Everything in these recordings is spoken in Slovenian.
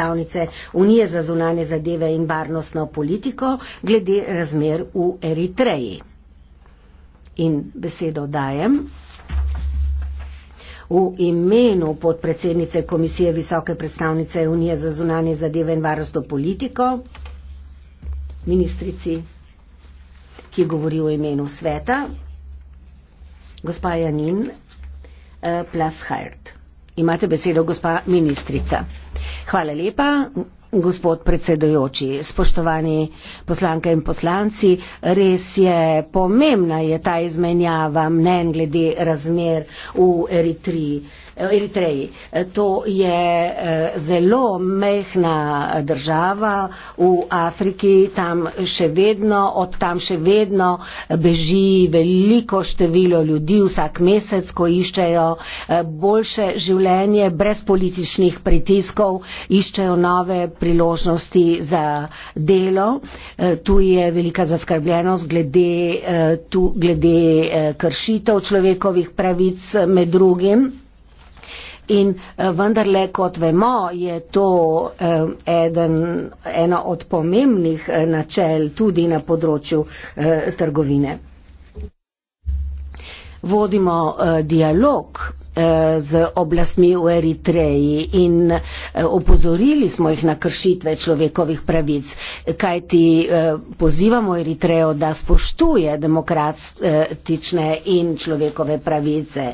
predstavnice Unije za zunanje zadeve in varnostno politiko glede razmer v Eritreji. In besedo dajem. V imenu podpredsednice Komisije Visoke predstavnice Unije za zunanje zadeve in varnostno politiko, ministrici, ki govori v imenu sveta, gospa Janin eh, Plashard. Imate besedo, gospa ministrica. Hvala lepa. Gospod predsedujoči, spoštovani poslanke in poslanci, res je pomembna je ta izmenjava mnen glede razmer v Eritriji. Eritreji. E, to je e, zelo mehna država v Afriki, tam še vedno, od tam še vedno beži veliko število ljudi vsak mesec, ko iščejo e, boljše življenje brez političnih pritiskov, iščejo nove priložnosti za delo. Tu je velika zaskrbljenost glede, tu, glede kršitev človekovih pravic med drugim. In eh, vendarle, kot vemo, je to eh, eden, eno od pomembnih eh, načel tudi na področju trgovine. Vodimo dialog Eh, z oblastmi v Eritreji in eh, opozorili smo jih na kršitve človekovih pravic, kajti eh, pozivamo Eritrejo, da spoštuje demokratične in človekove pravice.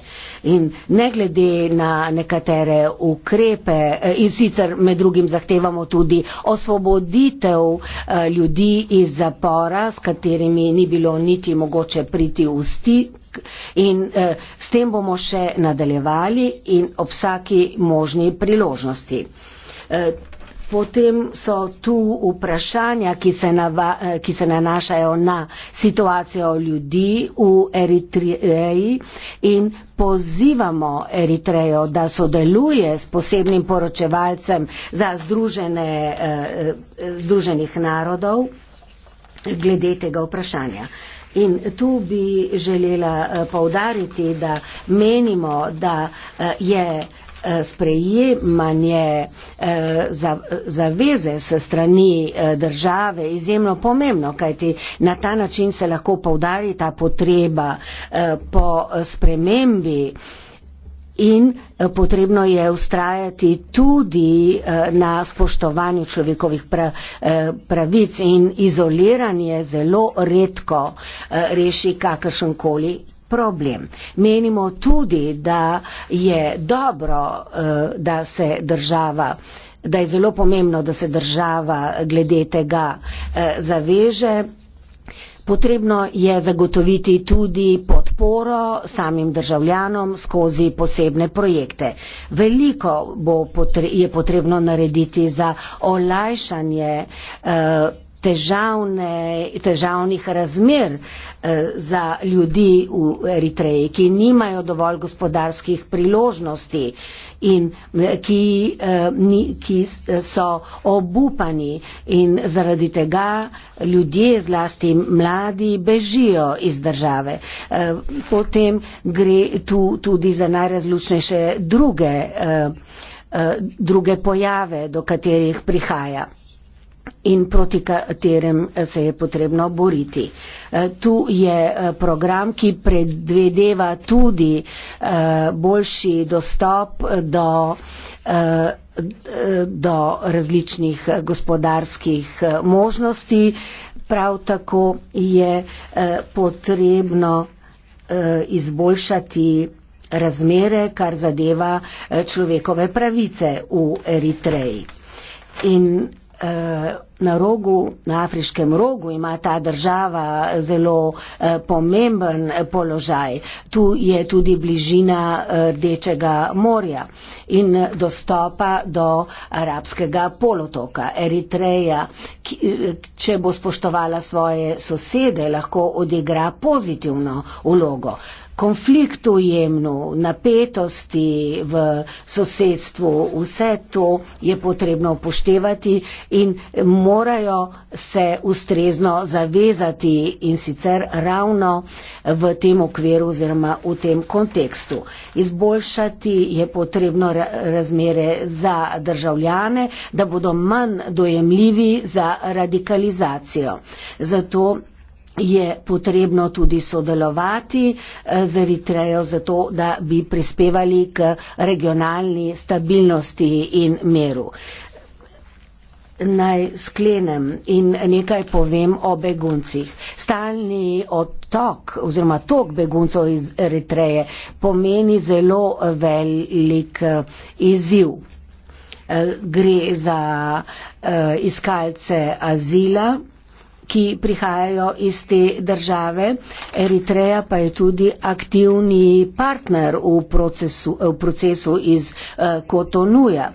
In ne glede na nekatere ukrepe, in sicer med drugim zahtevamo tudi osvoboditev ljudi iz zapora, s katerimi ni bilo niti mogoče priti v stik in eh, s tem bomo še nadaljevali in ob vsaki možni priložnosti. Eh, Potem so tu vprašanja, ki se, nava, eh, ki se nanašajo na situacijo ljudi v Eritreji in pozivamo Eritrejo, da sodeluje s posebnim poročevalcem za združene, eh, eh, združenih narodov glede tega vprašanja. Eh, In tu bi želela eh, povdariti, da menimo, da eh, je eh, sprejemanje zaveze s strani države izjemno pomembno, kajti na ta način se lahko povdari ta potreba po spremembi in eh, potrebno je ustrajati tudi eh, na spoštovanju človekovih eh, pravic in izoliranje zelo redko reši kakršenkoli. Problem. Menimo tudi, da je dobro, da se država da je zelo pomembno, da se država glede tega zaveže Potrebno je zagotoviti tudi podporo samim državljanom skozi posebne projekte. Veliko potre je potrebno narediti za olajšanje. Uh, težavne, težavnih razmer eh, za ljudi v Eritreji, ki nimajo dovolj gospodarskih priložnosti in eh, ki, eh, ki so obupani in zaradi tega ljudje, zlasti mladi, bežijo iz države. Potem gre tu tudi za najrazlučnejše druge, druge pojave, do katerih prihaja in proti katerem se je potrebno boriti. E, tu je e, program, ki predvedeva tudi e, boljši dostop do, do različnih gospodarskih možnosti. Prav tako je potrebno izboljšati razmere, kar zadeva človekove pravice v Eritreji. In Eh, na rogu, na afriškem rogu ima ta država eh, zelo eh, pomemben položaj. Tu je tudi bližina Rdečega morja in dostopa do arabskega polotoka. Eritreja, če bo spoštovala svoje sosede, lahko odigra pozitivno vlogo konfliktu v Jemnu, napetosti v sosedstvu, vse to je potrebno upoštevati in morajo se ustrezno zavezati in sicer ravno v tem okviru oziroma v tem kontekstu. Izboljšati je potrebno razmere za državljane, da bodo manj dojemljivi za radikalizacijo. Zato je potrebno tudi sodelovati eh, z Eritrejo za to, da bi prispevali k regionalni stabilnosti in miru. Naj sklenem in nekaj povem o beguncih. Stalni odtok oziroma tok beguncov iz Eritreje pomeni zelo velik eh, izziv. Eh, gre za iskalce azila ki prihajajo iz te države. Eritreja pa je tudi aktivni partner v procesu, v procesu iz eh, Kotonuja.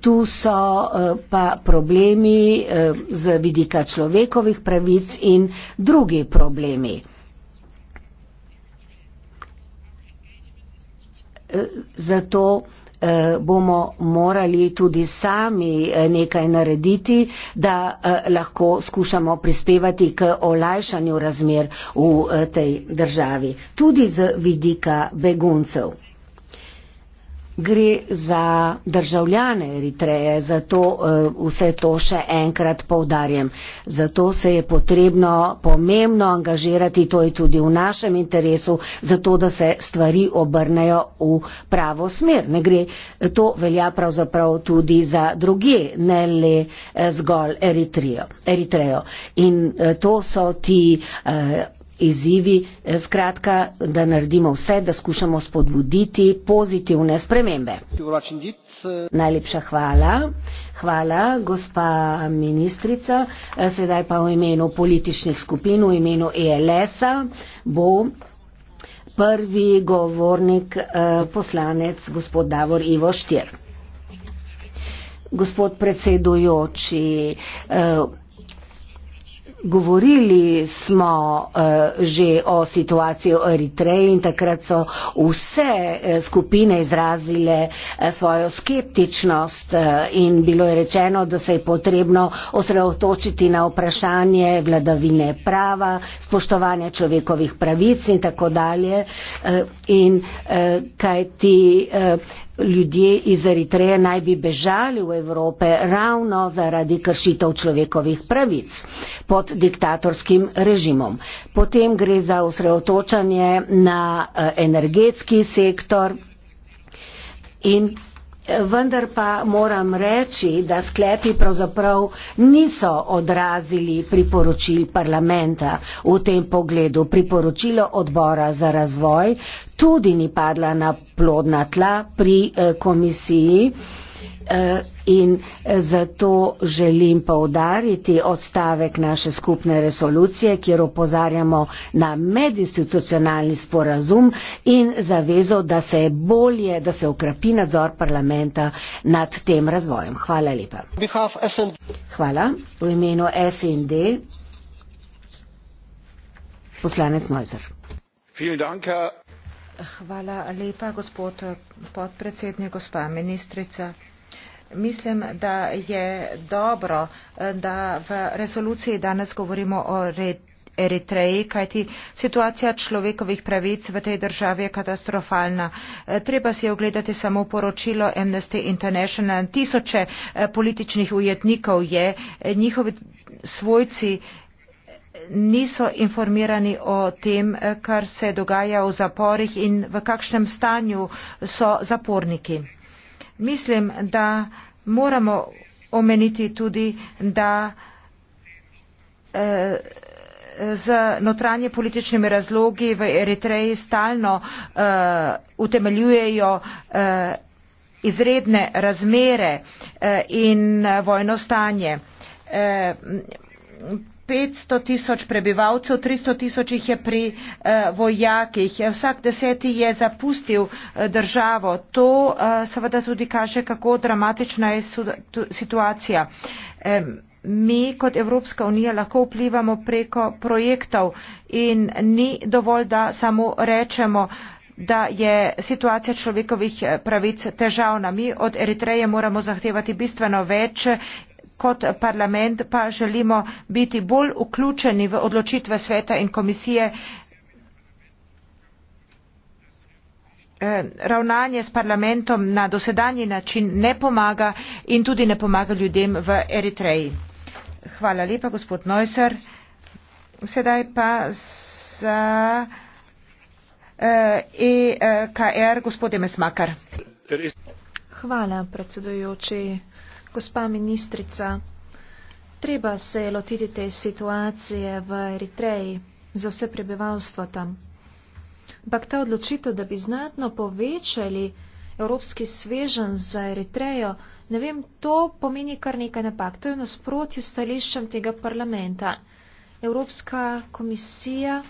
Tu so eh, pa problemi eh, z vidika človekovih pravic in drugi problemi. Zato Eh, bomo morali tudi sami eh, nekaj narediti, da eh, lahko skušamo prispevati k olajšanju razmer v tej državi, tudi z vidika beguncev gre za državljane Eritreje, zato eh, vse to še enkrat povdarjam. Zato se je potrebno pomembno angažirati, to je tudi v našem interesu, zato da se stvari obrnejo v pravo smer. Gre, to velja pravzaprav tudi za druge, ne le eh, zgolj Eritrejo. In eh, to so ti izzivi, eh, skratka, da naredimo vse, da skušamo spodbuditi pozitivne spremembe. Najlepša hvala. Hvala, gospa ministrica. Eh, sedaj pa v imenu političnih skupin, v imenu ELS-a bo prvi govornik eh, poslanec gospod Davor Ivo Štir. Gospod predsedujoči, Govorili smo eh, že o situaciji v Eritreji in takrat so vse eh, skupine izrazile eh, svojo skeptičnost in bilo je rečeno, da se je potrebno osredotočiti na vprašanje vladavine prava, spoštovanja človekovih pravic in tako dalje. In kaj ti ljudje iz Eritreje naj bi bežali v Evrope ravno zaradi kršitev človekovih pravic pod diktatorskim režimom. Potem gre za osredotočanje na eh, energetski sektor in Vendar pa moram reči, da sklepi pravzaprav niso odrazili priporočil parlamenta v tem pogledu. Priporočilo odbora za razvoj tudi ni padla na plodna tla pri eh, komisiji. Eh, in eh, zato želim povdariti odstavek naše skupne resolucije, kjer opozarjamo na medinstitucionalni sporazum in zavezo, da se je bolje, da se ukrapi nadzor parlamenta nad tem razvojem. Hvala lepa. Hvala. V imenu SND poslanec Nojzer. Hvala lepa, gospod podpredsednik, gospa ministrica. Mislim, da je dobro, eh, da v resoluciji danes govorimo o Eritreji, kajti situacija človekovih pravic v tej državi je katastrofalna. Eh, treba si je ogledati samo poročilo Amnesty International. Tisoče eh, političnih ujetnikov je, njihovi svojci niso informirani o tem, kar se dogaja v zaporih in v kakšnem stanju so zaporniki mislim, da moramo omeniti tudi, da eh, z notranje političnimi razlogi v Eritreji stalno uh, utemeljujejo uh, izredne razmere uh, in vojno stanje. Uh, petsto tisoč prebivalcev, tristo tisoč jih je pri eh, vojakih, vsak deseti je zapustil eh, državo. To eh, seveda tudi kaže, kako dramatična je situacija. Eh, mi kot Evropska unija lahko vplivamo preko projektov in ni dovolj, da samo rečemo, da je situacija človekovih eh, pravic težavna. Mi od Eritreje moramo zahtevati bistveno več kot parlament pa želimo biti bolj vključeni v odločitve sveta in komisije. E, ravnanje s parlamentom na dosedanji način ne pomaga in tudi ne pomaga ljudem v Eritreji. Hvala lepa, gospod Neusser. Sedaj pa za EKR, e gospod Emes Makar. Hvala, predsedujoči. Gospa ministrica, treba se je lotiti te situacije v Eritreji za vse prebivalstvo tam. Ampak ta odločitev, da bi znatno povečali evropski svežen za Eritrejo, ne vem, to pomeni kar nekaj napak. To je v nasprotju s stališčem tega parlamenta. Evropska komisija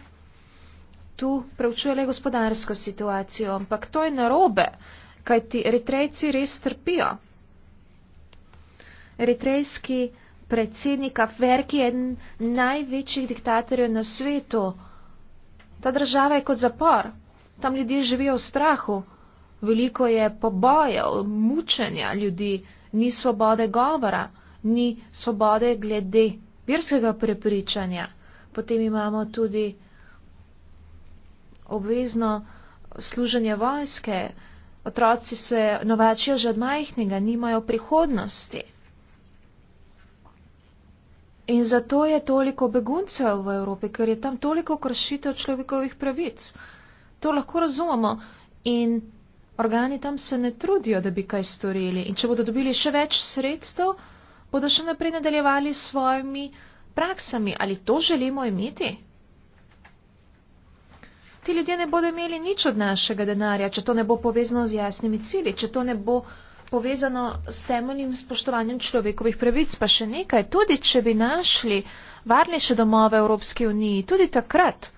tu preučuje le gospodarsko situacijo, ampak to je narobe, kajti Eritrejci res trpijo eritrejski predsednik Afverki je eden največjih diktatorjev na svetu. Ta država je kot zapor, tam ljudje živijo v strahu, veliko je pobojev, mučenja ljudi, ni svobode govora, ni svobode glede verskega prepričanja. Potem imamo tudi obvezno služenje vojske, otroci se novačijo že od majhnega, nimajo prihodnosti. In zato je toliko beguncev v Evropi, ker je tam toliko kršitev človekovih pravic. To lahko razumemo. In organi tam se ne trudijo, da bi kaj storili. In če bodo dobili še več sredstev, bodo še naprej nadaljevali s svojimi praksami. Ali to želimo imeti? Ti ljudje ne bodo imeli nič od našega denarja, če to ne bo povezano z jasnimi cili, če to ne bo povezano s temeljnim spoštovanjem človekovih pravic, pa še nekaj, tudi če bi našli varnejše domove Evropske unije, tudi takrat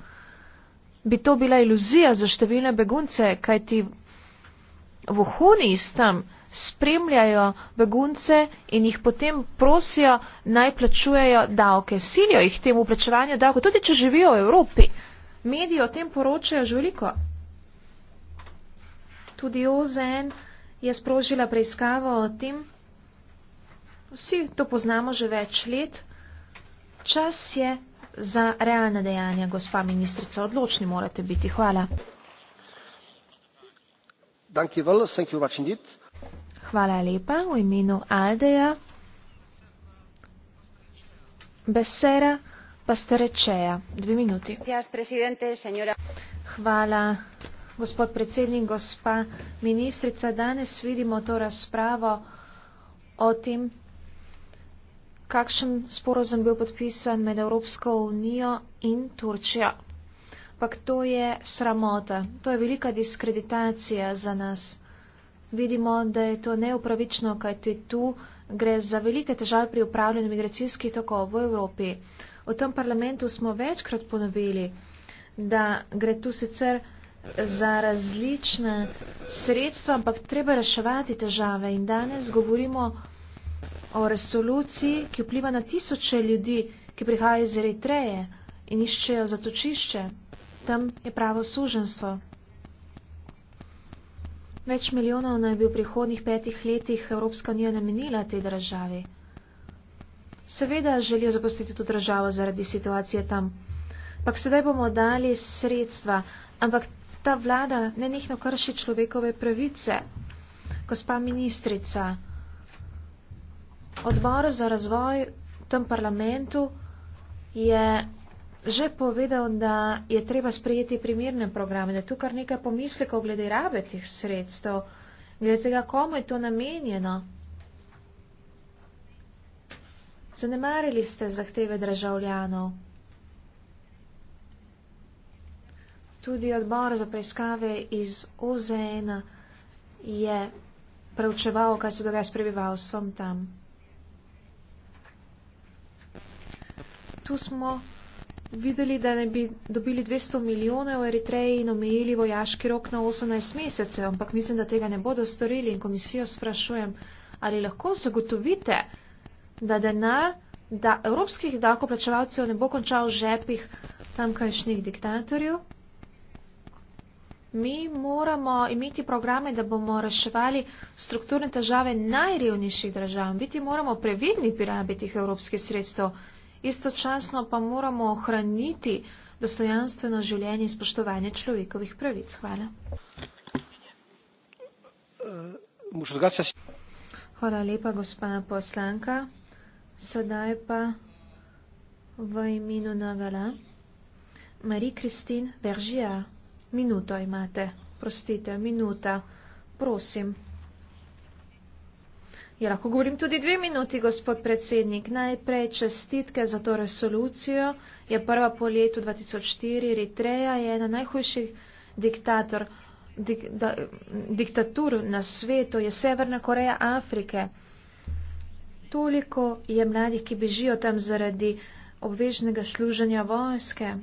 bi to bila iluzija za številne begunce, kaj ti vohuni iz tam spremljajo begunce in jih potem prosijo, naj plačujejo davke, silijo jih temu plačevanju davkov, tudi če živijo v Evropi. Mediji o tem poročajo že veliko. Tudi OZN je sprožila preiskavo o tem, vsi to poznamo že več let, čas je za realne dejanja, gospa ministrica, odločni morate biti. Hvala. Hvala lepa v imenu Aldeja. Besera Pastarečeja. Dve minuti. Hvala, gospod predsednik, gospa ministrica. Danes vidimo to razpravo o tem, kakšen sporozum bil podpisan med Evropsko unijo in Turčijo. Ampak to je sramota, to je velika diskreditacija za nas. Vidimo, da je to neupravično, kajti tu gre za velike težave pri upravljanju migracijskih tokov v Evropi. V tem parlamentu smo večkrat ponovili, da gre tu sicer za različne sredstva, ampak treba reševati težave. In danes govorimo o resoluciji, ki vpliva na tisoče ljudi, ki prihajajo iz Eritreje in iščejo zatočišče. Tam je pravo suženstvo. Več milijonov naj bi v prihodnih petih letih Evropska unija namenila tej državi. Seveda želijo zapustiti to državo zaradi situacije tam. Pak sedaj bomo dali sredstva, ampak ta vlada ne nekno krši človekove pravice. Gospa ministrica, odbor za razvoj v tem parlamentu je že povedal, da je treba sprejeti primirne programe, da je tukaj nekaj pomislekov glede rabe teh sredstev, glede tega, komu je to namenjeno. Zanemarili ste zahteve državljanov. Tudi odbor za preiskave iz OZN je preučeval, kaj se dogaja s prebivalstvom tam. Tu smo videli, da ne bi dobili 200 milijonov v Eritreji in omejili vojaški rok na 18 mesecev, ampak mislim, da tega ne bodo storili in komisijo sprašujem, ali lahko zagotovite, da denar, da evropskih davkoplačevalcev ne bo končal v žepih tamkajšnjih diktatorjev mi moramo imeti programe, da bomo reševali strukturne težave najrevnejših držav. Biti moramo previdni pri rabi tih evropskih sredstev, istočasno pa moramo ohraniti dostojanstveno življenje in spoštovanje človekovih pravic. Hvala. Hvala lepa, gospa poslanka. Sedaj pa v imenu Nagala. Marie-Christine Bergier. Minuto imate. Prostite, minuta. Prosim. Ja, lahko govorim tudi dve minuti, gospod predsednik. Najprej čestitke za to resolucijo. Je prva po letu 2004. Eritreja je ena najhujših diktator, dik, da, diktatur na svetu. Je Severna Koreja Afrike. Toliko je mladih, ki bežijo tam zaradi obvežnega služenja vojske.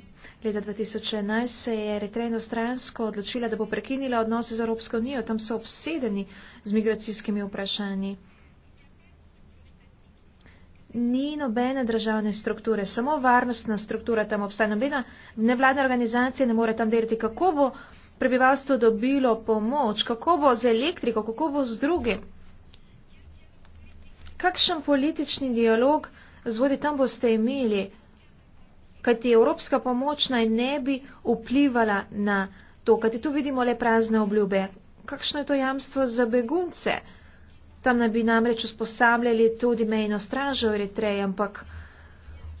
Leta 2011 se je Eritrejno stransko odločila, da bo prekinila odnose z Evropsko unijo. Tam so obsedeni z migracijskimi vprašanji. Ni nobene državne strukture, samo varnostna struktura tam obstaja. Nobena nevladna organizacija ne more tam delati, kako bo prebivalstvo dobilo pomoč, kako bo z elektriko, kako bo z drugim. Kakšen politični dialog Zvodi tam boste imeli, kajti evropska pomoč naj ne bi vplivala na to, kajti tu vidimo le prazne obljube. Kakšno je to jamstvo za begunce? Tam naj bi namreč usposabljali tudi mejno stražo Eritreje, ampak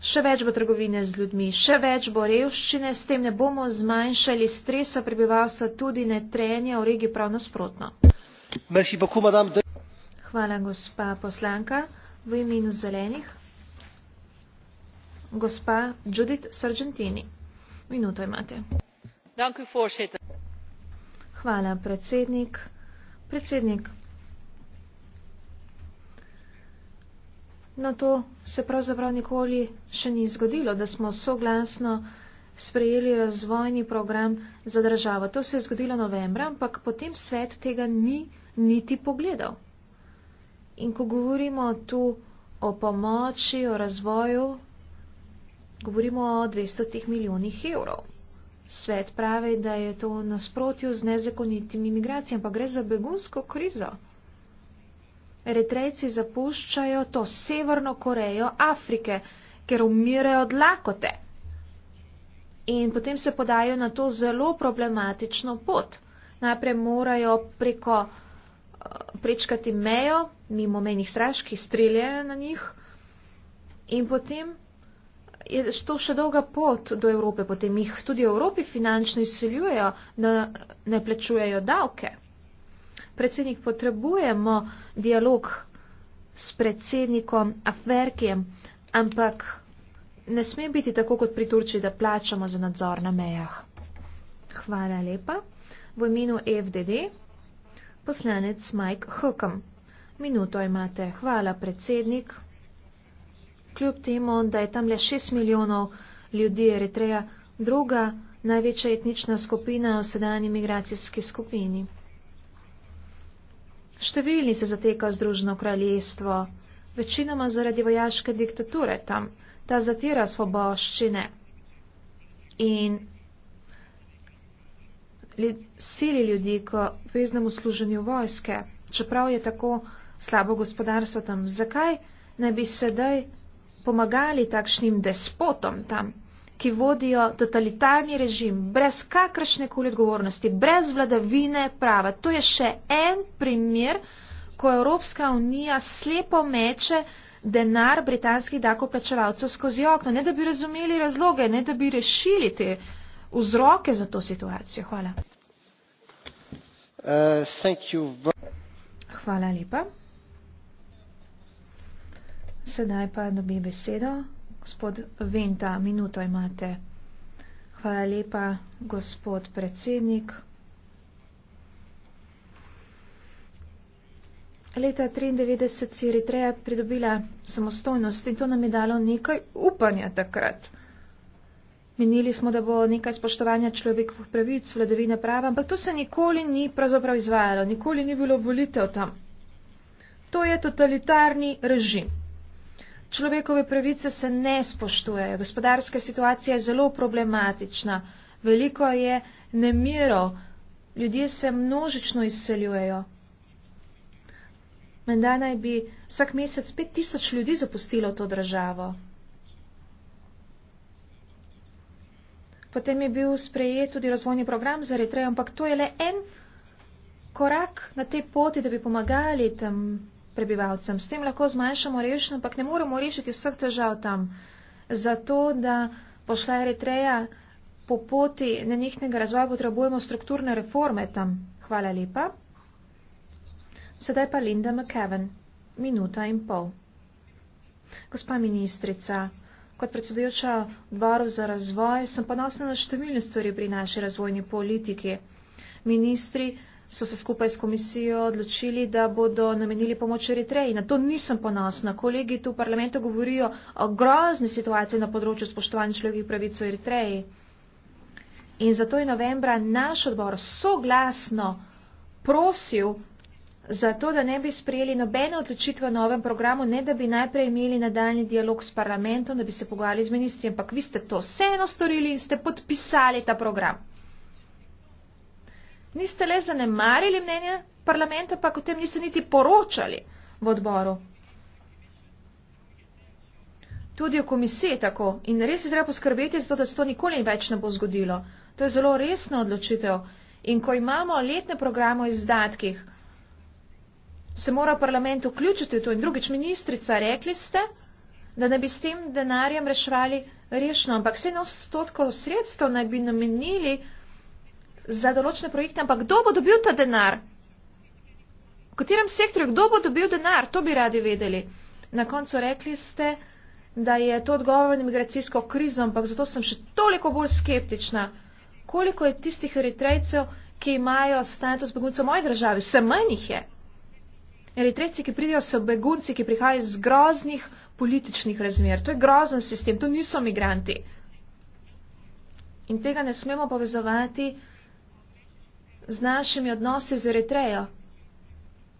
še več bo trgovine z ljudmi, še več bo revščine, s tem ne bomo zmanjšali stresa prebivalstva, tudi ne trenja v regiji prav nasprotno. Hvala, gospa poslanka, v imenu zelenih gospa judith sargentini minuto imate hvala predsednik predsednik na to se pravzaprav nikoli še ni zgodilo da smo soglasno sprejeli razvojni program za državo to se je zgodilo novembra ampak potem svet tega ni niti pogledal in ko govorimo tu o pomoči, o razvoju, govorimo o 200 milijonih evrov. Svet pravi, da je to nasprotju z nezakonitimi migracijami, pa gre za begunsko krizo. Eritrejci zapuščajo to Severno Korejo Afrike, ker umirajo od lakote. In potem se podajo na to zelo problematično pot. Najprej morajo preko eh, prečkati mejo, mimo menih straž, ki streljajo na njih, in potem je to še dolga pot do Evrope, potem jih tudi v Evropi finančno izseljujejo, da ne plačujejo davke. Predsednik, potrebujemo dialog s predsednikom Aferkijem, ampak ne sme biti tako kot pri Turčiji, da plačamo za nadzor na mejah. Hvala lepa. V imenu FDD, poslanec Mike Hukam. Minuto imate. Hvala, predsednik kljub temu, da je tam le 6 milijonov ljudi, Eritreja druga največja etnična skupina v sedajni migracijski skupini. Številni se zatekajo v Združeno kraljestvo, večinoma zaradi vojaške diktature tam, ta zatira svoboščine in sili ljudi k veznemu služenju vojske, čeprav je tako slabo gospodarstvo tam. Zakaj naj bi sedaj pomagali takšnim despotom tam, ki vodijo totalitarni režim brez kakršne koli odgovornosti, brez vladavine prava. To je še en primer, ko Evropska unija slepo meče denar britanskih dakoplačevalcev skozi okno, ne da bi razumeli razloge, ne da bi rešili te vzroke za to situacijo. Hvala. Uh, Hvala lepa. Sedaj pa dobi besedo. Gospod Venta, minuto imate. Hvala lepa, gospod predsednik. Leta 1993 si Eritreja pridobila samostojnost in to nam je dalo nekaj upanja takrat. Menili smo, da bo nekaj spoštovanja človekovih pravic, vladavine prava, ampak to se nikoli ni pravzaprav izvajalo, nikoli ni bilo volitev tam. To je totalitarni režim. Človekove pravice se ne spoštujejo, gospodarska situacija je zelo problematična, veliko je nemiro, ljudje se množično izseljujejo. Menda naj bi vsak mesec pet tisoč ljudi zapustilo to državo. Potem je bil sprejet tudi razvojni program za Eritrejo, ampak to je le en korak na tej poti, da bi pomagali tam prebivalcem. S tem lahko zmanjšamo revščino, ampak ne moramo rešiti vseh težav tam. Zato, da pošla Eritreja po poti nenehnega razvoja, potrebujemo strukturne reforme tam. Hvala lepa. Sedaj pa Linda McKeven. Minuta in pol. Gospa ministrica, kot predsedujoča odboru za razvoj, sem ponosna na številne stvari pri naši razvojni politiki. Ministri so se skupaj s komisijo odločili, da bodo namenili pomoč Eritreji. Na to nisem ponosna. Kolegi tu v parlamentu govorijo o grozni situaciji na področju spoštovanja človekovih pravic v Eritreji. In zato je novembra naš odbor soglasno prosil, zato da ne bi sprejeli nobene odločitve o novem programu, ne da bi najprej imeli nadaljni dialog s parlamentom, da bi se pogovarjali z ministri, ampak vi ste to vseeno storili in ste podpisali ta program niste le zanemarili mnenja parlamenta, pa o tem niste niti poročali v odboru. Tudi v komisiji tako. In res je treba poskrbeti za to, da se to nikoli več ne bo zgodilo. To je zelo resna odločitev. In ko imamo letne programe o izdatkih, se mora parlament vključiti v to. In drugič, ministrica, rekli ste, da ne bi s tem denarjem reševali rešno, ampak 70 odstotkov sredstev naj bi namenili za določene projekte, ampak kdo bo dobil ta denar? V katerem sektorju, kdo bo dobil denar? To bi radi vedeli. Na koncu rekli ste, da je to odgovor na imigracijsko krizo, ampak zato sem še toliko bolj skeptična. Koliko je tistih eritrejcev, ki imajo status begunca v moji državi? Vse manj jih je. Eritrejci, ki pridijo, so begunci, ki prihajajo iz groznih političnih razmer. To je grozen sistem, to niso migranti. In tega ne smemo povezovati z našimi odnosi z Eritrejo,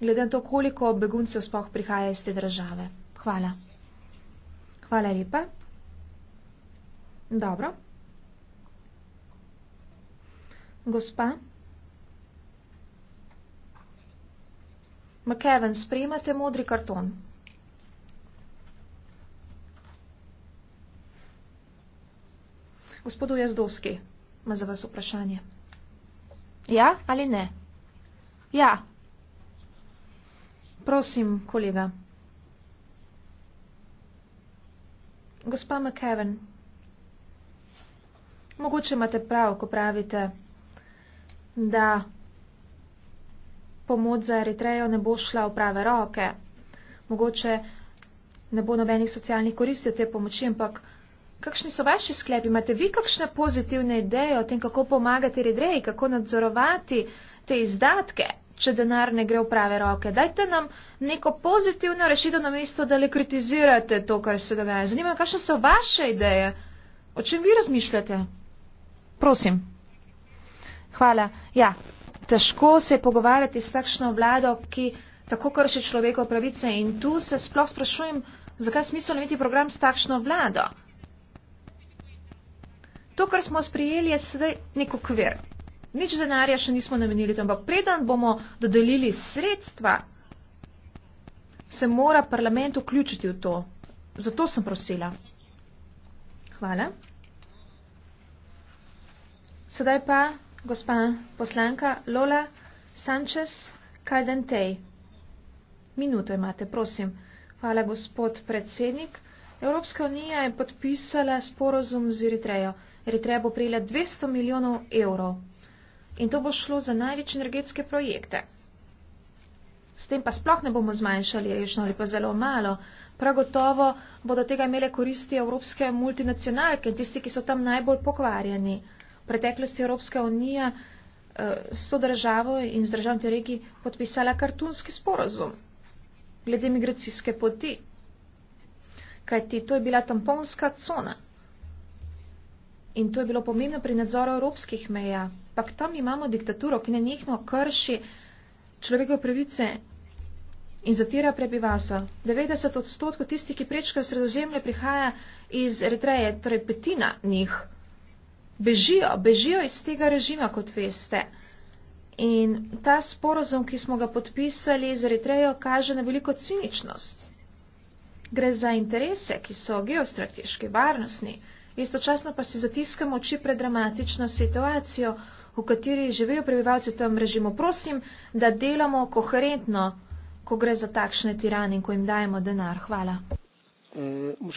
glede na to, koliko beguncev spoh prihaja iz te države. Hvala. Hvala lepa. Dobro. Gospa. McKevin, sprejmate modri karton. Gospodu Jazdovski ima za vas vprašanje. Ja ali ne? Ja. Prosim, kolega. Gospa McKeven, mogoče imate prav, ko pravite, da pomoč za Eritrejo ne bo šla v prave roke. Mogoče ne bo nobenih socialnih koristi od te pomoči, ampak Kakšni so vaši sklepi? Imate vi kakšne pozitivne ideje o tem, kako pomagati redreji, kako nadzorovati te izdatke, če denar ne gre v prave roke? Dajte nam neko pozitivno rešitev na mesto, da le kritizirate to, kar se dogaja. Zanima me, kakšne so vaše ideje? O čem vi razmišljate? Prosim. Hvala. Ja, težko se je pogovarjati s takšno vlado, ki tako krši človekov pravice in tu se sploh sprašujem, zakaj je smiselno imeti program s takšno vlado. To, kar smo sprejeli, je sedaj nek okvir. Nič denarja še nismo namenili, ampak preden bomo dodelili sredstva, se mora parlament vključiti v to. Zato sem prosila. Hvala. Sedaj pa gospa poslanka Lola Sanchez Caldentej. Minuto imate, prosim. Hvala, gospod predsednik. Evropska unija je podpisala sporozum z Eritrejo. Eritreja bo prejela 200 milijonov evrov in to bo šlo za največje energetske projekte. S tem pa sploh ne bomo zmanjšali, ješno ali pa zelo malo. Prav gotovo bodo tega imele koristi evropske multinacionalke in tisti, ki so tam najbolj pokvarjeni. V preteklosti Evropska unija eh, s to državo in z državom te regi podpisala kartunski sporozum glede migracijske poti. Kajti to je bila tamponska cona. In to je bilo pomembno pri nadzoru evropskih meja. Pak tam imamo diktaturo, ki nenehno krši človekove pravice in zatira prebivalstvo. 90 odstotkov tistih, ki prečkajo sredozemlje, prihaja iz Eritreje, torej petina njih. Bežijo, bežijo iz tega režima, kot veste. In ta sporozum, ki smo ga podpisali z Eritrejo, kaže na veliko ciničnost. Gre za interese, ki so geostrateški, varnostni istočasno pa si zatiskamo oči pred dramatično situacijo, v kateri živijo prebivalci v tem režimu. Prosim, da delamo koherentno, ko gre za takšne tirane in ko jim dajemo denar. Hvala. Mm,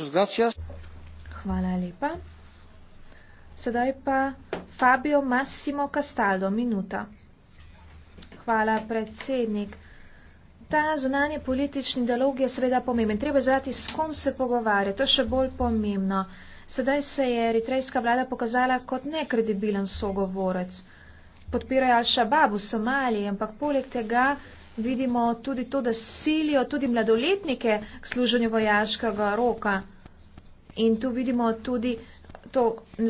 Hvala lepa. Sedaj pa Fabio Massimo Castaldo, minuta. Hvala, predsednik. Ta zunanje politični dialog je seveda pomemben. Treba izbrati, s kom se pogovarjati. To je še bolj pomembno. Sedaj se je eritrejska vlada pokazala kot nekredibilen sogovorec. Podpirajo Al-Shabaab v Somaliji, ampak poleg tega vidimo tudi to, da silijo tudi mladoletnike k služenju vojaškega roka. In tu vidimo tudi to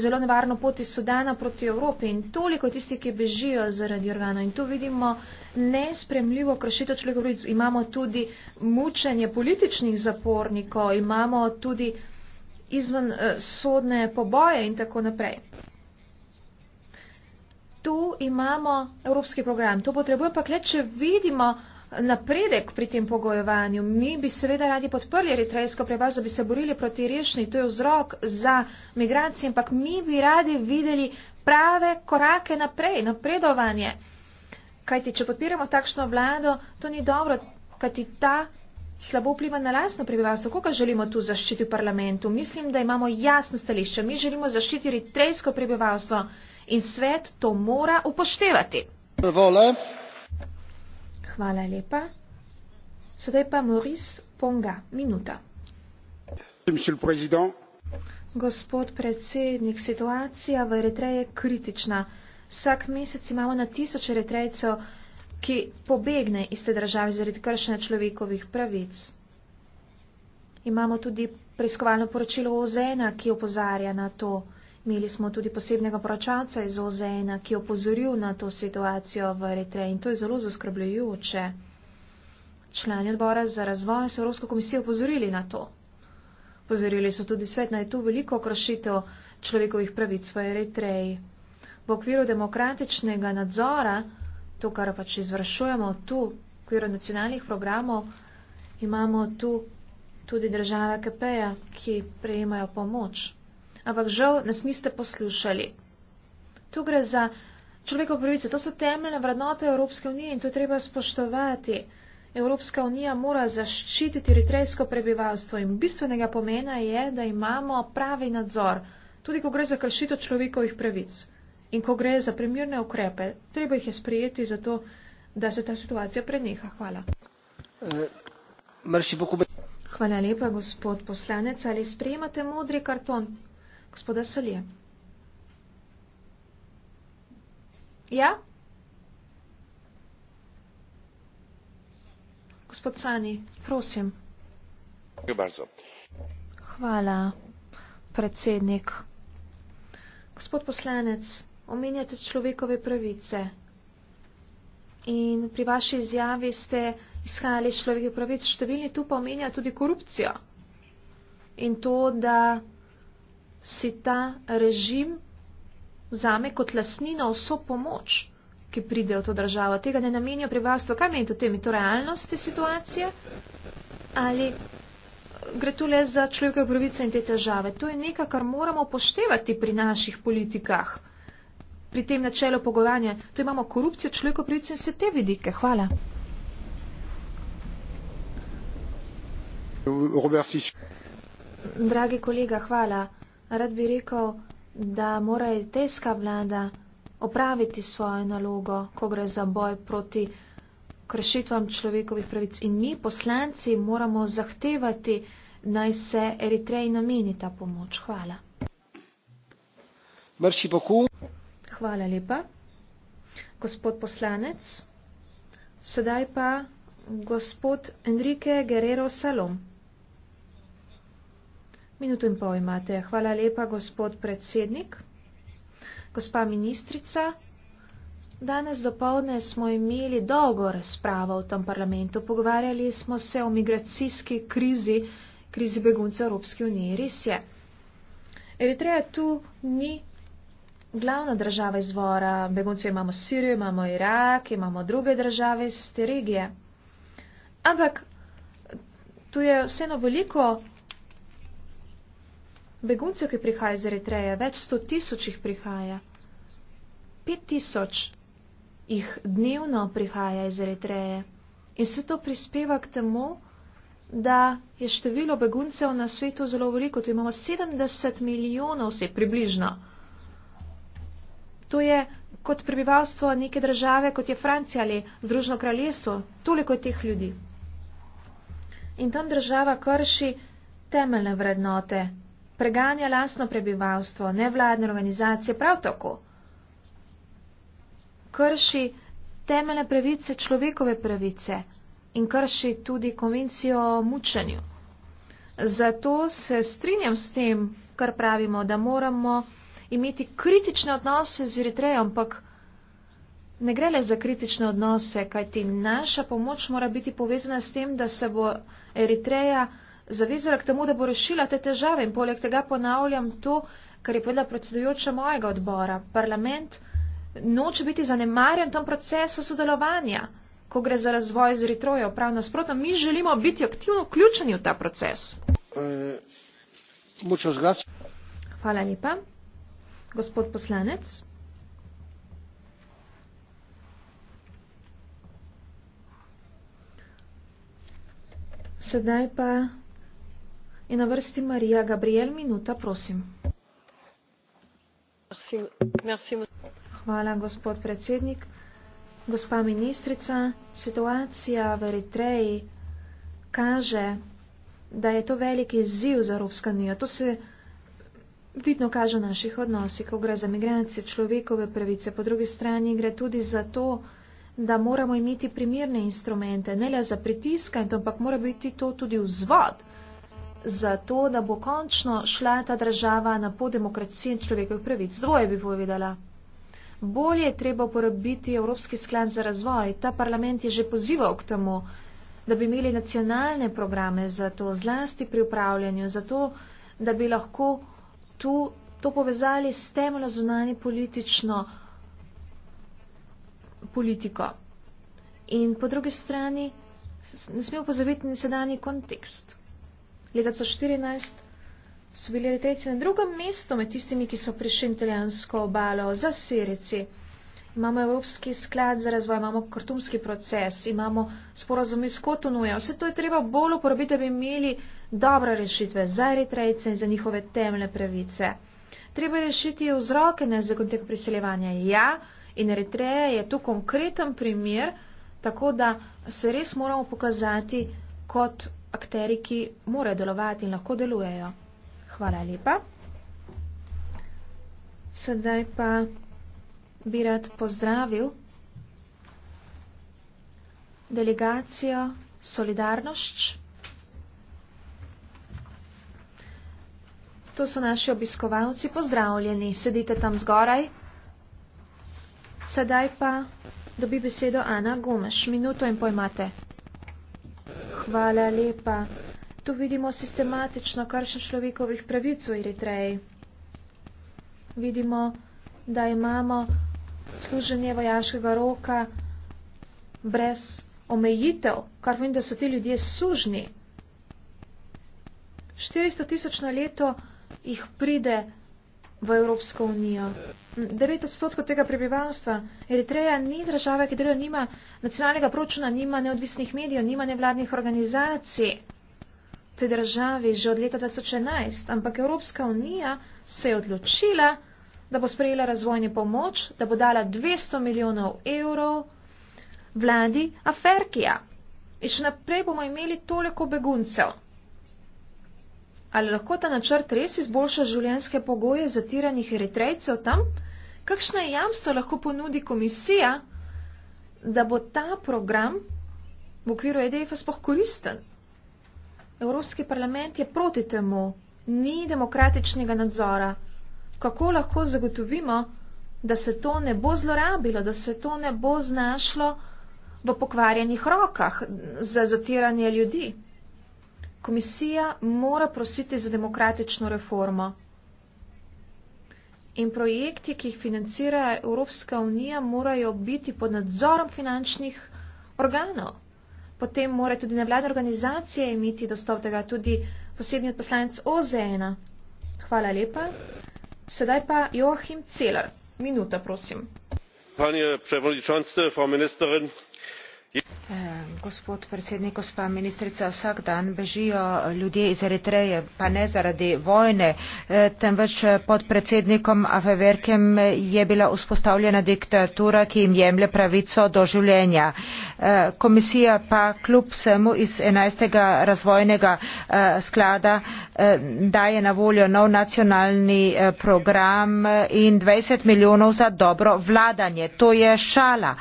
zelo nevarno pot iz Sudana proti Evropi in toliko tistih, ki bežijo zaradi organa. In tu vidimo nespremljivo kršitev človekovic. Imamo tudi mučenje političnih zapornikov, imamo tudi izven eh, sodne poboje in tako naprej. Tu imamo evropski program. To potrebuje pa kle, če vidimo napredek pri tem pogojevanju. Mi bi seveda radi podprli eritrejsko prebazo, bi se borili proti rešni. To je vzrok za migracije, ampak mi bi radi videli prave korake naprej, napredovanje. Kajti, če podpiramo takšno vlado, to ni dobro, kajti ta slabo vpliva na lastno prebivalstvo. Koga želimo tu zaščiti v parlamentu? Mislim, da imamo jasno stališče. Mi želimo zaščiti ritrejsko prebivalstvo in svet to mora upoštevati. Prvole. Hvala lepa. Sedaj pa Moris Ponga. Minuta. Gospod predsednik, situacija v Eritreji je kritična. Vsak mesec imamo na tisoče Eritrejcev ki pobegne iz te države zaradi kršenja človekovih pravic. Imamo tudi preiskovalno poročilo OZN-a, ki opozarja na to. Imeli smo tudi posebnega poročalca iz OZN-a, ki je opozoril na to situacijo v Eritreji in to je zelo zaskrbljujoče. Člani odbora za razvoj so Evropsko komisijo opozorili na to. Pozorili so tudi svet, da je tu veliko kršitev človekovih pravic v Eritreji. V okviru demokratičnega nadzora to, kar pač izvršujemo tu, v okviru nacionalnih programov, imamo tu tudi države KP-ja, ki prejemajo pomoč. Ampak žal nas niste poslušali. Tu gre za človekov pravice, to so temeljne vrednote Evropske unije in to treba spoštovati. Evropska unija mora zaščititi eritrejsko prebivalstvo in bistvenega pomena je, da imamo pravi nadzor, tudi ko gre za kršito človekovih pravic. In ko gre za primirne ukrepe, treba jih je sprejeti zato, da se ta situacija preneha. Hvala. Hvala lepa, gospod poslanec. Ali sprejemate modri karton? Gospoda Salje. Ja? Gospod Sani, prosim. Hvala, predsednik. Gospod poslanec omenjate človekove pravice. In pri vaši izjavi ste izhajali iz človekovih pravic, številni tu pa omenjajo tudi korupcijo in to, da si ta režim vzame kot lasnino vso pomoč, ki pride v to državo. Tega ne namenijo prebivalstvo. Kaj menite o tem? Je to realnost te situacije? Ali gre tu le za človekove pravice in te težave? To je nekaj, kar moramo upoštevati pri naših politikah pri tem načelu pogovanja. Tu imamo korupcijo, človeko pravice in vse te vidike. Hvala. Robert, si... Dragi kolega, hvala. Rad bi rekel, da mora etejska vlada opraviti svojo nalogo, ko gre za boj proti kršitvam človekovih pravic. In mi, poslanci, moramo zahtevati, naj se Eritreji nameni ta pomoč. Hvala. Merci beaucoup. Hvala lepa. Gospod poslanec, sedaj pa gospod Enrique Guerrero Salom. Minuto in pol imate. Hvala lepa, gospod predsednik. Gospa ministrica, danes dopovdne smo imeli dolgo razpravo v tem parlamentu. Pogovarjali smo se o migracijski krizi, krizi beguncev Evropske unije. Res je. Eritreja tu ni glavna država izvora begunce imamo Sirijo, imamo Irak, imamo druge države iz te regije. Ampak tu je vseeno veliko beguncev, ki prihaja iz Eritreje, več sto tisoč jih prihaja, pet tisoč jih dnevno prihaja iz Eritreje. In vse to prispeva k temu, da je število beguncev na svetu zelo veliko. Tu imamo 70 milijonov vse približno. To je kot prebivalstvo neke države, kot je Francija ali Združeno kraljestvo, toliko je teh ljudi. In tam država krši temeljne vrednote, preganja lastno prebivalstvo, nevladne organizacije, prav tako krši temeljne pravice, človekove pravice in krši tudi konvencijo o mučenju. Zato se strinjam s tem, kar pravimo, da moramo imeti kritične odnose z Eritrejo, ampak ne gre le za kritične odnose, kajti naša pomoč mora biti povezana s tem, da se bo Eritreja zavezala k temu, da bo rešila te težave. In poleg tega ponavljam to, kar je povedala predsedujoča mojega odbora. Parlament noče biti zanemarjen v tem procesu sodelovanja, ko gre za razvoj z Eritrojo. Prav nasprotno, mi želimo biti aktivno vključeni v ta proces. Eh, Hvala lepa. Gospod poslanec. Sedaj pa je na vrsti Marija Gabriel, minuta, prosim. Hvala, gospod predsednik. Gospa ministrica, situacija v Eritreji kaže, da je to veliki izziv za Evropsko unijo. To se vidno kaže naših odnosih, ko gre za migracije človekove pravice, po drugi strani gre tudi za to, da moramo imeti primerne instrumente, ne le za pritiskanje, ampak mora biti to tudi vzvod za to, da bo končno šla ta država na pod demokracije in človekovih pravic. Dvoje bi povedala. Bolje je treba uporabiti Evropski sklad za razvoj. Ta parlament je že pozival k temu, da bi imeli nacionalne programe za to, zlasti pri upravljanju, za to, da bi lahko tu to povezali s temeljno zunanje politično politiko. In po drugi strani ne smemo pozabiti na sedanji kontekst. Leta 2014 so bili Eritrejci na drugem mestu med tistimi, ki so prišli italijansko obalo za Sirici imamo Evropski sklad za razvoj, imamo kartumski proces, imamo sporozum iz Kotonuja. Vse to je treba bolj uporabiti, da bi imeli dobre rešitve za eritrejce in za njihove temne pravice. Treba rešiti vzroke na zagontek priseljevanja. Ja, in Eritreja je tu konkreten primer, tako da se res moramo pokazati kot akteri, ki morajo delovati in lahko delujejo. Hvala lepa. Sedaj pa bi rad pozdravil delegacijo Solidarnošč. To so naši obiskovalci, pozdravljeni, sedite tam zgoraj. Sedaj pa dobi besedo Ana Gomeš, minuto in pojmate. Hvala lepa. Tu vidimo sistematično kršen človekovih pravic v Eritreji. Vidimo, da imamo služenje vojaškega roka brez omejitev, kar vem, da so ti ljudje sužni. 400 tisoč na leto jih pride v Evropsko unijo. 9 odstotkov tega prebivalstva. Eritreja ni država, ki deluje, nima nacionalnega proračuna, nima neodvisnih medijev, nima nevladnih organizacij v tej državi že od leta 2011, ampak Evropska unija se je odločila, da bo sprejela razvojni pomoč, da bo dala 200 milijonov evrov vladi Aferkija. In še naprej bomo imeli toliko beguncev. Ali lahko ta načrt res izboljša življenjske pogoje zatiranih eritrejcev tam? Kakšno je jamstvo lahko ponudi komisija, da bo ta program v okviru EDF-a sploh koristen? Evropski parlament je proti temu, ni demokratičnega nadzora kako lahko zagotovimo, da se to ne bo zlorabilo, da se to ne bo znašlo v pokvarjenih rokah za zatiranje ljudi. Komisija mora prositi za demokratično reformo. In projekti, ki jih financira Evropska unija, morajo biti pod nadzorom finančnih organov. Potem mora tudi nevladne organizacije imeti dostop tega, tudi posebni odposlanec OZN. Hvala lepa. Sedaj pa Joachim Celer. Minuta, prosim. Panie przewodniczący, Frau Ministerin, Eh, gospod predsednik, gospa ministrica, vsak dan bežijo ljudje iz Eritreje, pa ne zaradi vojne, eh, temveč eh, pod predsednikom Afeverkem je bila vzpostavljena diktatura, ki jim jemlje pravico do življenja. Komisija pa kljub vsemu iz 11. razvojnega sklada daje na voljo nov nacionalni program in 20 milijonov za dobro vladanje. To je šala.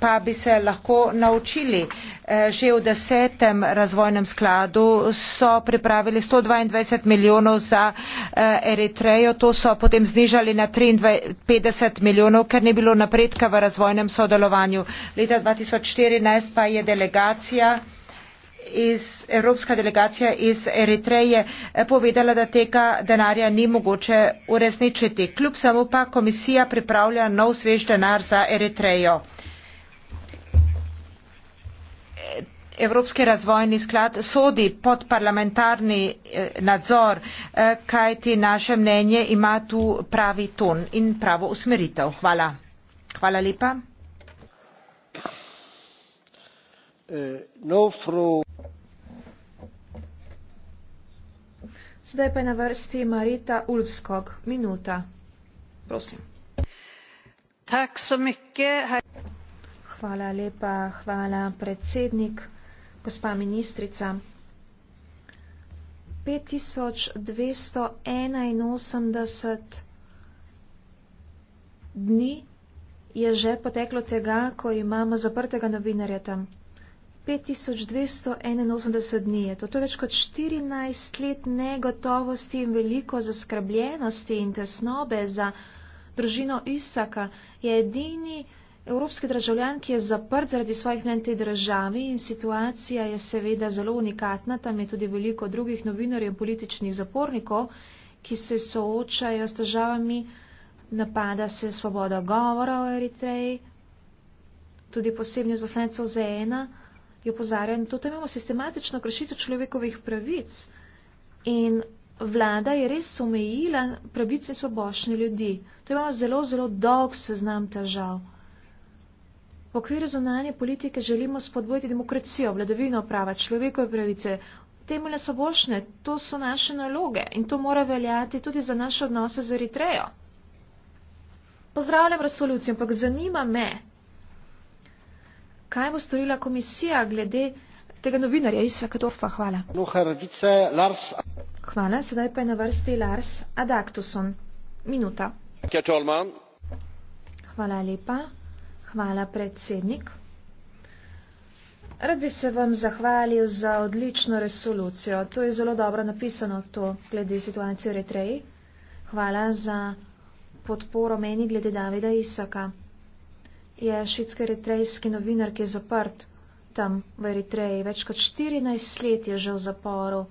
Pa bi se lahko naučili. Eh, že v desetem razvojnem skladu so pripravili 122 milijonov za eh, Eritrejo, to so potem znižali na 53 milijonov, ker ni bilo napredka v razvojnem sodelovanju. Leta 2014 pa je delegacija. Iz, Evropska delegacija iz Eritreje eh, povedala, da tega denarja ni mogoče uresničiti. Kljub samo pa komisija pripravlja nov svež denar za Eritrejo. Evropski razvojni sklad sodi pod parlamentarni eh, nadzor, eh, kajti naše mnenje ima tu pravi ton in pravo usmeritev. Hvala. Hvala lepa. Eh, no Zdaj pa je na vrsti Marita Ulfskog. Minuta. Prosim. Tak so mi, kje. Hvala lepa, hvala predsednik gospa ministrica. 5281 dni je že poteklo tega, ko imamo zaprtega novinarja tam. 5281 dni je to. To je več kot 14 let negotovosti in veliko zaskrbljenosti in tesnobe za družino Isaka. Je edini evropski državljan, ki je zaprt zaradi svojih mnen tej državi in situacija je seveda zelo unikatna, tam je tudi veliko drugih novinarjev in političnih zapornikov, ki se soočajo s državami, napada se svoboda govora o Eritreji, tudi posebni od poslancev ZNA je opozarjan, to tam imamo sistematično kršitev človekovih pravic in Vlada je res omejila pravice svobošnje ljudi. To imamo zelo, zelo dolg seznam težav. V okviru zunanje politike želimo spodbojiti demokracijo, vladavino prava, človekove pravice. Temu le so bošne, to so naše naloge in to mora veljati tudi za naše odnose z Eritrejo. Pozdravljam resolucijo, ampak zanima me, kaj bo storila komisija glede tega novinarja Isaka Dorfa. Hvala. Hvala, sedaj pa je na vrsti Lars Adaktuson. Minuta. Hvala lepa. Hvala, predsednik. Rad bi se vam zahvalil za odlično resolucijo. To je zelo dobro napisano, to glede situacije v Eritreji. Hvala za podporo meni glede Davida Isaka. Je švicko-eritrejski novinar, ki je zaprt tam v Eritreji. Več kot 14 let je že v zaporu,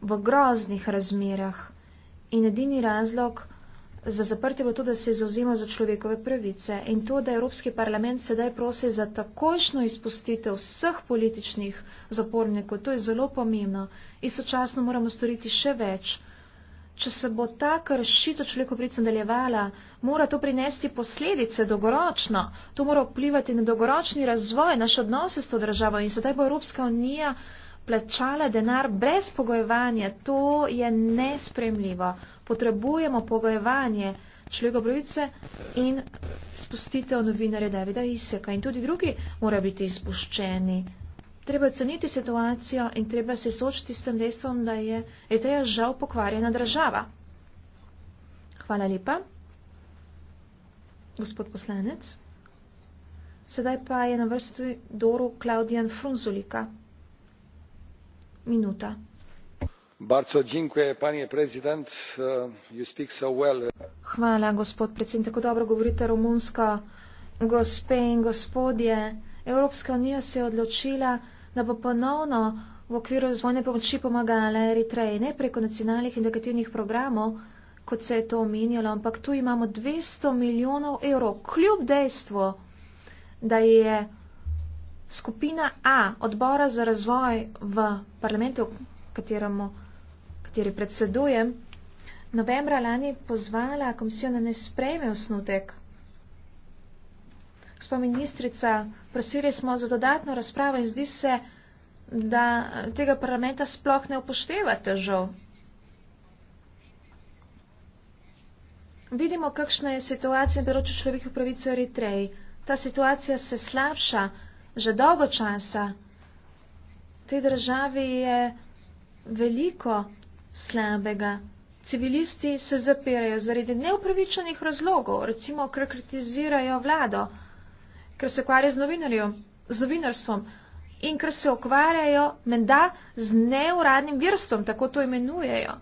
v groznih razmerah. In edini razlog, da za zaprtje bo to, da se zauzema za človekove pravice in to, da Evropski parlament sedaj prosi za takošno izpustitev vseh političnih zapornikov, to je zelo pomembno. Istočasno moramo storiti še več. Če se bo ta kršito človekov pravic nadaljevala, mora to prinesti posledice dolgoročno. To mora vplivati na dolgoročni razvoj naše odnose s to državo in sedaj bo Evropska unija plačala denar brez pogojevanja, to je nespremljivo. Potrebujemo pogojevanje človeka pravice in spustitev novinarja Davida Iseka in tudi drugi morajo biti izpuščeni. Treba oceniti situacijo in treba se soočiti s tem dejstvom, da je Etreja žal pokvarjena država. Hvala lepa, gospod poslanec. Sedaj pa je na vrsti Doru Klaudijan Frunzulika hvala gospod predsednik tako dobro govorite romunsko gospe in gospodje evropska unija se je odločila da bo ponovno v okviru razvojne pomoči pomagala eritreji ne preko nacionalnih indikativnih programov kot se je to omenjalo ampak tu imamo 200 milijonov evrov kljub dejstvu da je skupina A odbora za razvoj v parlamentu, kateremu, kateri predsedujem, novembra lani pozvala komisijo, da ne sprejme osnutek. Gospa ministrica, prosili smo za dodatno razpravo in zdi se, da tega parlamenta sploh ne upoštevate žal. Vidimo, kakšna je situacija na področju človekovih pravic v Eritreji. Ta situacija se slabša že dolgo časa. V tej državi je veliko slabega. Civilisti se zapirajo zaradi neupravičenih razlogov, recimo, ker kritizirajo vlado, ker se ukvarjajo z, z novinarstvom in ker se ukvarjajo menda z neuradnim virstvom, tako to imenujejo,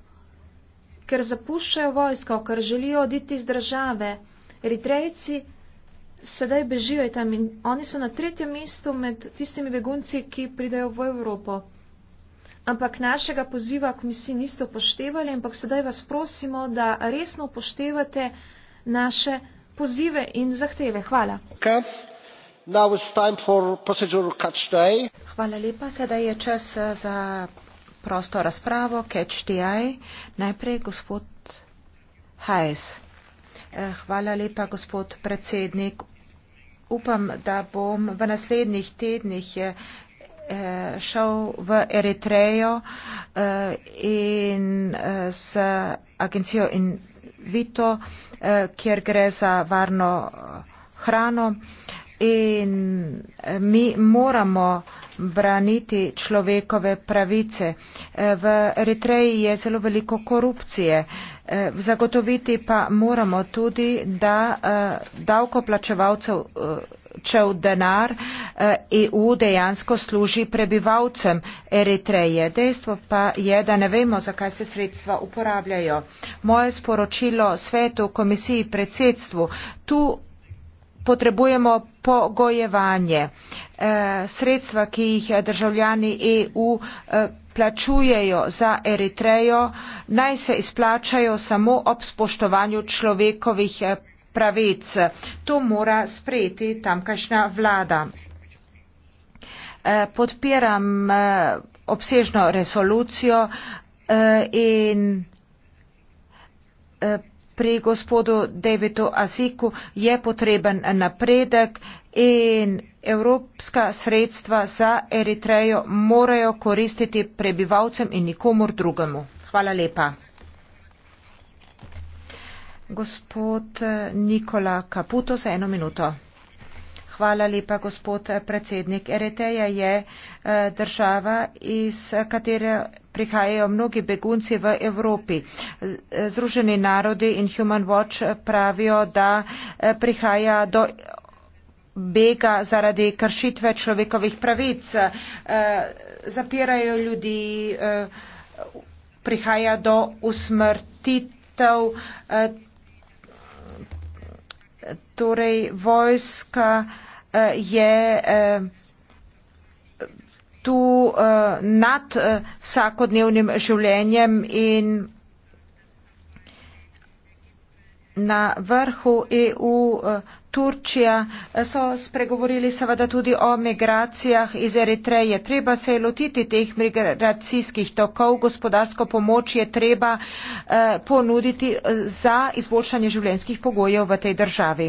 ker zapuščajo vojsko, ker želijo oditi iz države. Eritrejci sedaj bežijo tam in oni so na tretjem mestu med tistimi begunci, ki pridejo v Evropo. Ampak našega poziva komisiji niste upoštevali, ampak sedaj vas prosimo, da resno upoštevate naše pozive in zahteve. Hvala. Okay. Hvala lepa. Sedaj je čas eh, za prosto razpravo. Catch.di. Najprej gospod Hajs. Eh, hvala lepa, gospod predsednik upam, da bom v naslednjih tednih eh, šel v Eritrejo eh, in eh, s agencijo in Vito, kjer gre za varno hrano in mi moramo braniti človekove pravice. V Eritreji je zelo veliko korupcije. Eh, zagotoviti pa moramo tudi, da eh, davkoplačevalcev eh, čev denar EU e dejansko služi prebivalcem Eritreje. Dejstvo pa je, da ne vemo, zakaj se sredstva uporabljajo. Moje sporočilo svetu, komisiji, predsedstvu, tu potrebujemo pogojevanje. Sredstva, ki jih državljani EU plačujejo za Eritrejo, naj se izplačajo samo ob spoštovanju človekovih eh, pravic. To mora sprejeti tamkajšnja vlada. Eh, podpiram eh, obsežno resolucijo in pri gospodu Davidu Aziku je potreben napredek in evropska sredstva za Eritrejo morajo koristiti prebivalcem in nikomor drugemu. Hvala lepa. Gospod eh, Nikola Kaputo za eno minuto. Hvala lepa, gospod eh, predsednik. Eritreja je eh, država, iz katere prihajajo mnogi begunci v Evropi. Združeni narodi in Human Watch pravijo, da eh, prihaja do bega zaradi kršitve človekovih pravic. Eh, zapirajo ljudi, eh, prihaja do usmrtitev. Torej, vojska je eh, tu uh, nad uh, vsakodnevnim življenjem in na vrhu EU uh, eh, Turčija so spregovorili seveda tudi o migracijah iz Eritreje. Treba se je lotiti teh migracijskih tokov, gospodarsko pomoč je treba uh, ponuditi za izboljšanje življenjskih pogojev v tej državi.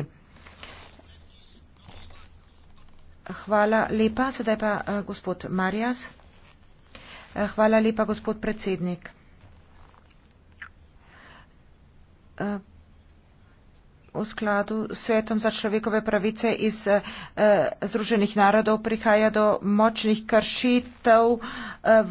Hvala lepa. Sedaj pa uh, gospod Marjas. Uh, hvala lepa, gospod predsednik. Uh, v skladu s svetom za človekove pravice iz uh, Združenih narodov prihaja do močnih kršitev. Uh,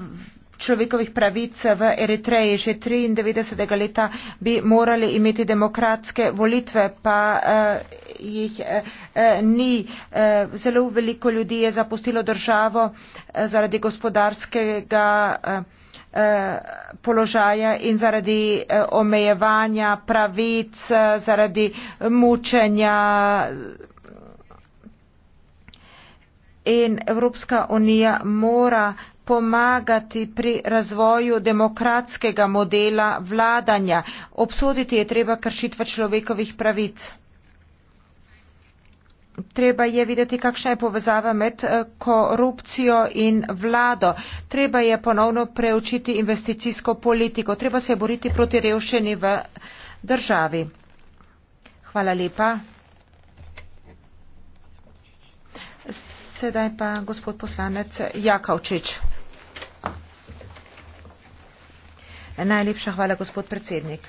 človekovih pravic v Eritreji. Že 93. leta bi morali imeti demokratske volitve, pa eh, jih eh, ni. Eh, zelo veliko ljudi je zapustilo državo eh, zaradi gospodarskega eh, eh položaja in zaradi eh, omejevanja pravic, eh, zaradi mučenja. In Evropska unija mora pomagati pri razvoju demokratskega modela vladanja. Obsoditi je treba kršitve človekovih pravic. Treba je videti, kakšna je povezava med eh, korupcijo in vlado. Treba je ponovno preučiti investicijsko politiko. Treba se boriti proti revšeni v državi. Hvala lepa. Sedaj pa gospod poslanec Jakovčič. Najlepša hvala, gospod predsednik.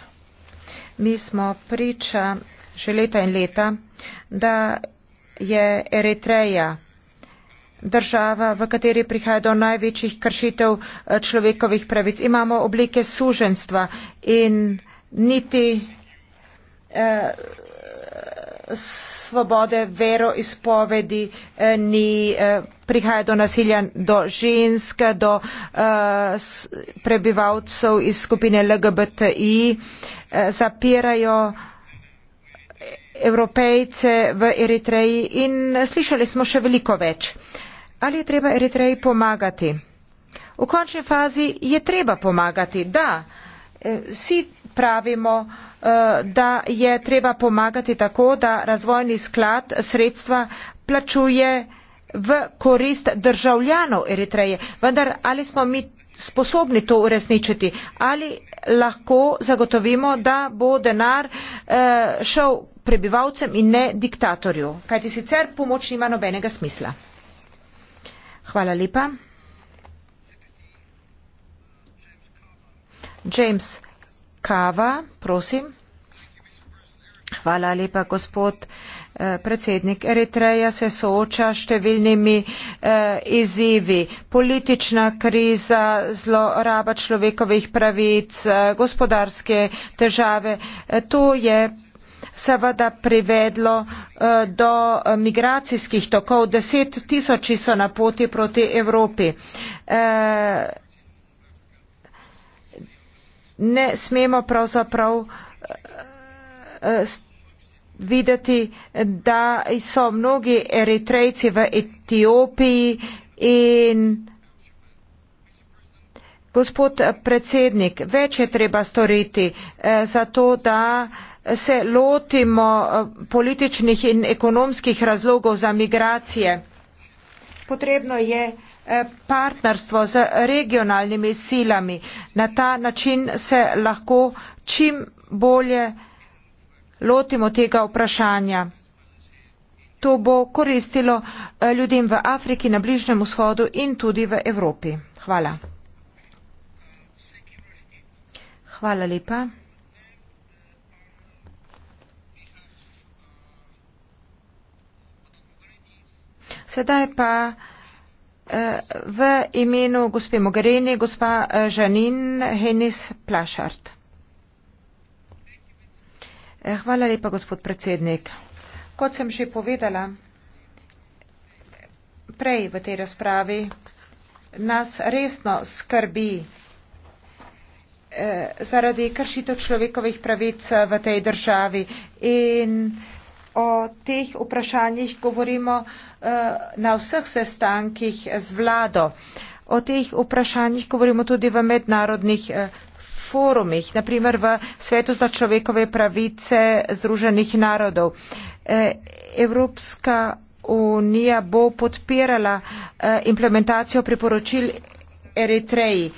Mi smo priča že leta in leta, da je Eritreja država, v kateri prihaja do največjih kršitev eh, človekovih pravic. Imamo oblike suženstva in niti eh, svobode veroizpovedi eh, ni eh, prihaja do nasilja do žensk, do eh, prebivalcev iz skupine LGBTI, zapirajo evropejce v Eritreji in slišali smo še veliko več. Ali je treba Eritreji pomagati? V končni fazi je treba pomagati, da. Vsi pravimo, eh, da je treba pomagati tako, da razvojni sklad sredstva plačuje v korist državljanov Eritreje. Vendar ali smo mi sposobni to uresničiti? Ali lahko zagotovimo, da bo denar eh, šel prebivalcem in ne diktatorju? Kajti sicer pomoč nima nobenega smisla. Hvala lepa. James. Kava, prosim. Hvala lepa, gospod eh, predsednik. Eritreja se sooča s številnimi eh, izzivi. Politična kriza, zloraba človekovih pravic, eh, gospodarske težave. To je seveda privedlo do migracijskih tokov. Deset tisoči so na poti proti Evropi ne smemo pravzaprav eh, videti, da so mnogi eritrejci v Etiopiji in gospod predsednik, več je treba storiti eh, za to, da se lotimo eh, političnih in ekonomskih razlogov za migracije. Potrebno je Eh, partnerstvo z regionalnimi silami. Na ta način se lahko čim bolje lotimo tega vprašanja. To bo koristilo eh, ljudem v Afriki, na Bližnjem vzhodu in tudi v Evropi. Hvala. Hvala lepa. Sedaj pa v imenu gospe Mogherini gospa Žanin eh, Henis Plašart. Eh, hvala lepa, gospod predsednik. Kot sem že povedala prej v tej razpravi, nas resno skrbi eh, zaradi kršitev človekovih pravic v tej državi in o teh vprašanjih govorimo eh, na vseh sestankih z vlado. O teh vprašanjih govorimo tudi v mednarodnih eh, forumih, naprimer v Svetu za človekove pravice Združenih narodov. Eh, Evropska unija bo podpirala implementacijo priporočil Eritreji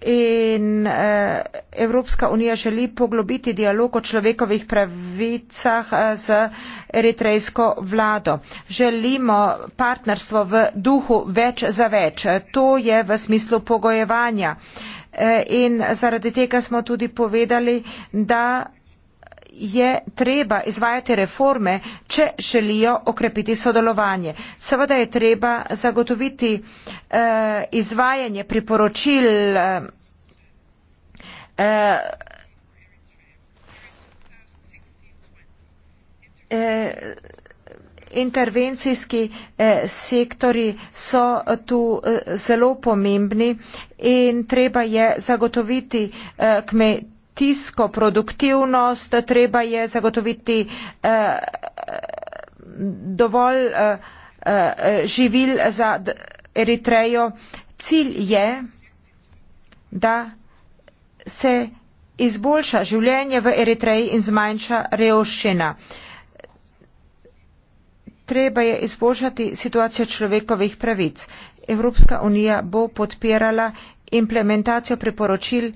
in eh, Evropska unija želi poglobiti dialog o človekovih pravicah eh, z eritrejsko vlado. Želimo partnerstvo v duhu več za več. To je v smislu pogojevanja. Eh, in zaradi tega smo tudi povedali, da je treba izvajati reforme če želijo okrepiti sodelovanje. seveda je treba zagotoviti eh, izvajanje priporočil eh, eh, intervencijski sektori so tu zelo pomembni in treba je zagotoviti kmetijstvo kmetijsko produktivnost, treba je zagotoviti eh, dovolj eh, eh živil za Eritrejo. Cilj je, da se izboljša življenje v Eritreji in zmanjša revščina. Treba je izboljšati situacijo človekovih pravic. Evropska unija bo podpirala implementacijo priporočil.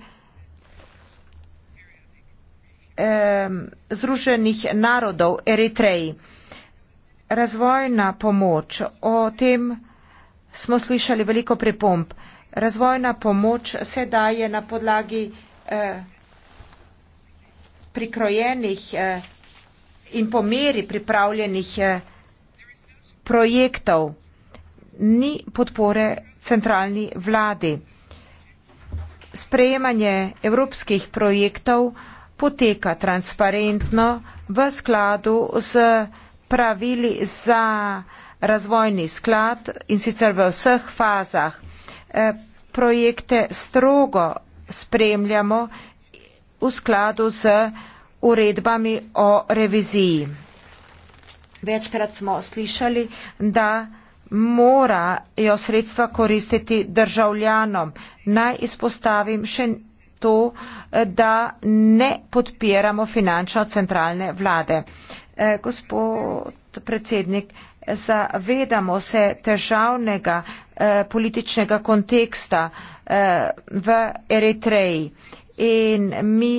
Združenih narodov Eritreji. Razvojna pomoč, o tem smo slišali veliko pripomp. Razvojna pomoč se daje na podlagi eh, prikrojenih eh, in po meri pripravljenih eh, projektov. Ni podpore centralni vladi. Sprejemanje evropskih projektov poteka transparentno v skladu z pravili za razvojni sklad in sicer v vseh fazah. Eh, projekte strogo spremljamo v skladu z uredbami o reviziji. Večkrat smo slišali, da morajo sredstva koristiti državljanom. Naj izpostavim še to, da ne podpiramo finančno centralne vlade. Eh, gospod predsednik, zavedamo se težavnega eh, političnega konteksta eh, v Eritreji in mi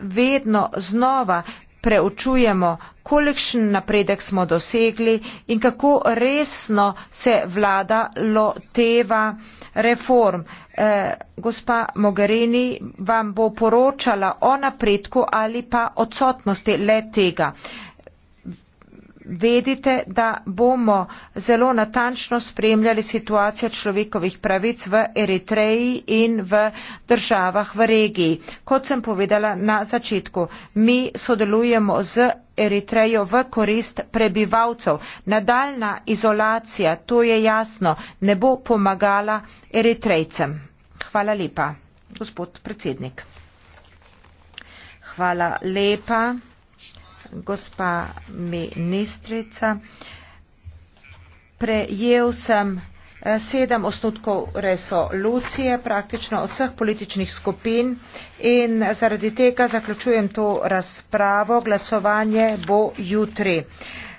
vedno znova preučujemo, kolikšen napredek smo dosegli in kako resno se vlada loteva eh, reform. Eh, gospa Mogherini vam bo poročala o napredku ali pa odsotnosti le tega vedite, da bomo zelo natančno spremljali situacijo človekovih pravic v Eritreji in v državah v regiji. Kot sem povedala na začetku, mi sodelujemo z Eritrejo v korist prebivalcev. Nadaljna izolacija, to je jasno, ne bo pomagala Eritrejcem. Hvala lepa, gospod predsednik. Hvala lepa gospa ministrica, prejel sem eh, sedem osnutkov resolucije praktično od vseh političnih skupin in zaradi tega zaključujem to razpravo. Glasovanje bo jutri. Uh,